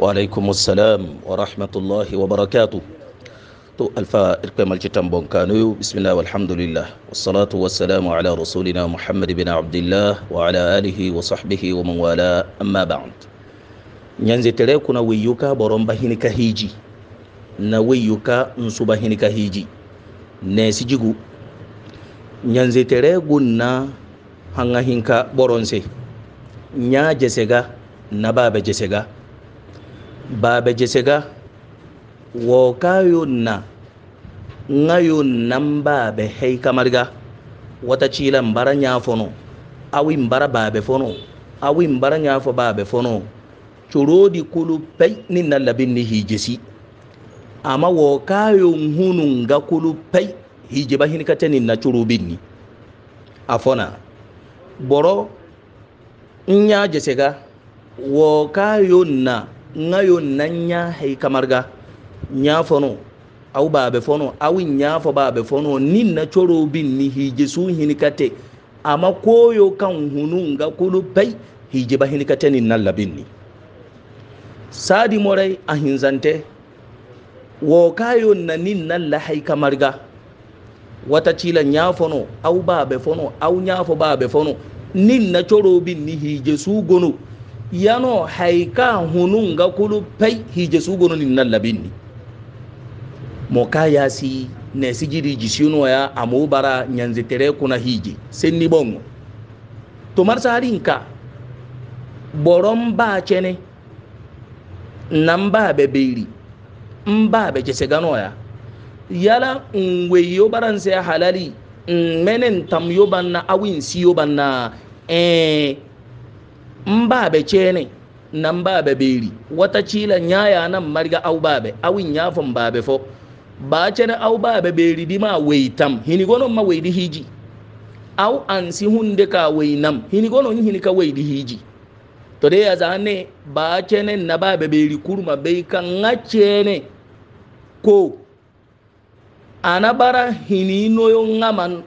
waaleykum salaam wa rahmatullahi wa barakatuh to alfa irkwe malcitan bonkanoyo bismillah walhamdulillah wassalatu wassalamu ala rasulina muhammad bin abdillah wa ala alihi wa sahbihi wa man wala amma ba'd nyanze tere kuna wiyuka boron bahini ka hiji na wiyuka nsuba bahini ka hiji ne sijigu nyanze tere gunna hanga hinka boronse nya jesega na baba jesega baaba jesega wo ka yo na nga yo nan baabe hei kamariga wata cila n bara ɲa fono awi n bara baabe fono awi n bara ɲa fo baabe fono corodi kolu pai ni na labin ni hijesi ama wo ka yo n hunu n ga kolu pai hijeba hinikate ni na corobin ni a fona boro n ɲa jesega wo ka yo na ŋayo naya haikamarga yafono aw babe fono aw yafo babe fono nin na corobin ni hije su hinikate ama koyo kan hununga kulu bai hije ba hinikate nin na labinni sadi morai a hinzante wo kayo na nin na lahaikamarga wata cila yafono aw babe fono aw yafo babe fono nin na corobin ni hije su gono yano haika hunu nga kulu pai hije su gono ni nan labin moka ya si ne sigiri jiri ya amubara nyanze tere kuna hije senni bongo to mar sari nka boron ba chene nan ba be n ba be jese gano ya yala nwe yo baran se halali menen tam yo banna awin si yo banna eh n baɓe ceene nan baɓe ɓeeri wata cila yayanan mariga aw baɓe awi yafon baɓe fo bacene aw baɓe ɓeeri ɗima wey tam hinigonon ma weyɗi hiji aw ansi hunde ka wey nam hinigonon hinika weyɗi hiji to de yasane bacene na baɓe ɓeeri kurma ɓey ka ga ceene ko ana bara hini noyo gaman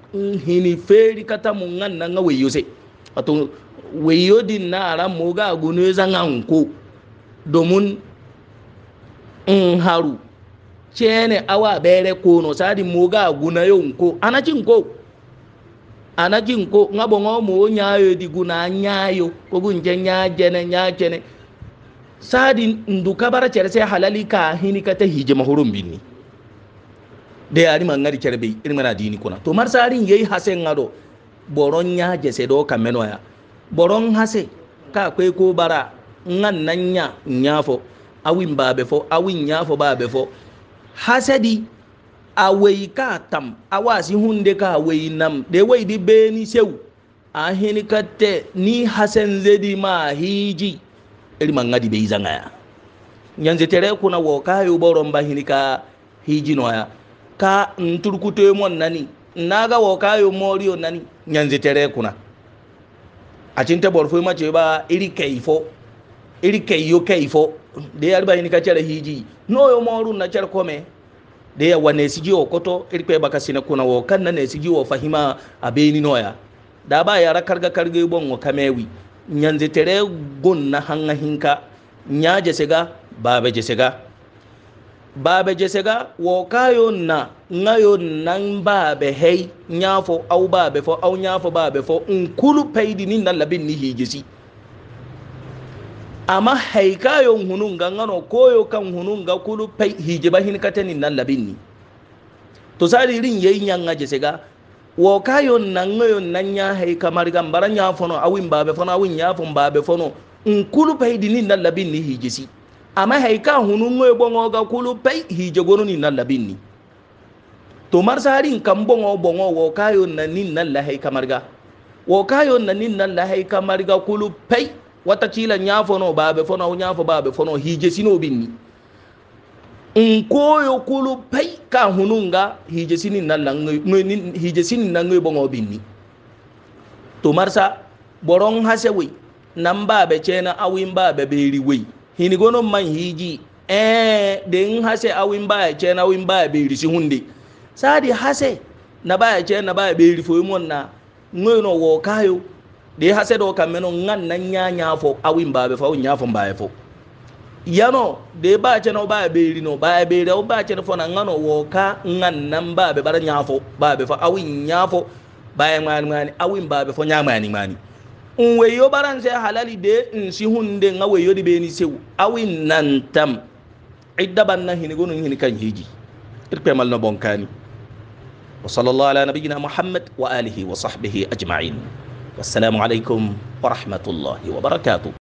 hini feeri katamu gannaga weyyose wato weyodin na ara moga agunu eza nga nko domin in haru cene awa bere kono sadi moga aguna yo nko anaki nko anaki nko nga bonga mo nyayo di guna nyayo ko gunje nya jene nya jene sadi nduka bara cere se halali ka hini kata hije mahurum binni de ari mangari cere be irmana dini kona to mar sari ngai hasen ngado boron nya jese do kameno ya ɓoron hase ka kwe ko bara ngan nanya nyafo awin babe fo awin nyafo babe fo hasedi awei ka tam awasi hunde ka awei nam de wei di beni sew ahini kate ni hasen zedi ma hiji eli mangadi be izanga ya nyanze tere kuna wo ka yu boron ba hini ka hiji no ya ka nturukuto mon nani naga wo ka yu mori nani nyanze tere kuna acinte borfoi mace ba iri kaifo iri kaiyo kaifo da ya bayini ka cara hiji noyo moru na cara kome Da ya wane siji o koto iri kwe baka sine kuna wo kan na ne siji o fahima beni noya da ba yara karga karga bon wo kamewi nyanze tere na hanga hinka nya jesega babe jesega baabe jesega wo kayo na ŋayo naŋ baabe hei ɲafo au baabe fo au ɲafo baabe fo nkulu peidi ni na labin ni hijesi ama hei kayo nhununga ŋano koyo ka nhununga kulu pei hijeba hini kate ni na labin ni tosaririn yei ɲaŋa jesega wo kayo na ŋayo na ɲa hei kamariga nbara ɲafono awin baabe fono awin ɲafo nbaabe fono nkulu peidi ni na labin ni hijesi ama hay ka hununŋoye boŋoga kulu pay hijegono nin na labin ni to marsa harin kan boŋo boŋo wo kayo na nin na lahay kamarga wo kayo na nin na lahay kamarga kulu pay wata cila ɲafono babe fono ɲafo babe fono hije sino bin ni nkoyo kulu pay ka hununga hije sini na ŋoye boŋo bin ni to marsa boron hase wey nan babe cena awin babe beri wey hinigono man hiji eh den hase awin baya ce na awin baya bai risi hunde sadi hase na baya ce na baya bai rifo mon na ngoyno wo kayo de hase do kameno ngan nan nya nya fo awin ba be fo nya fo fo yano de ba ce na ba be ri no ba be ri o ba ce fo na ngano wo ka ngan nan ba be bar nya fo ba be fo awin nya fo ba ngani ngani awin ba be fo nya ngani ngani n weyo baranse halali de si hunde nga weyo di beni sew awi nantam idda banna hini gonu hini kan hiji irpe mal no bonkani wa sallallahu ala nabiyyina muhammad wa alihi wa sahbihi ajma'in wassalamu alaikum wa rahmatullahi wa barakatuh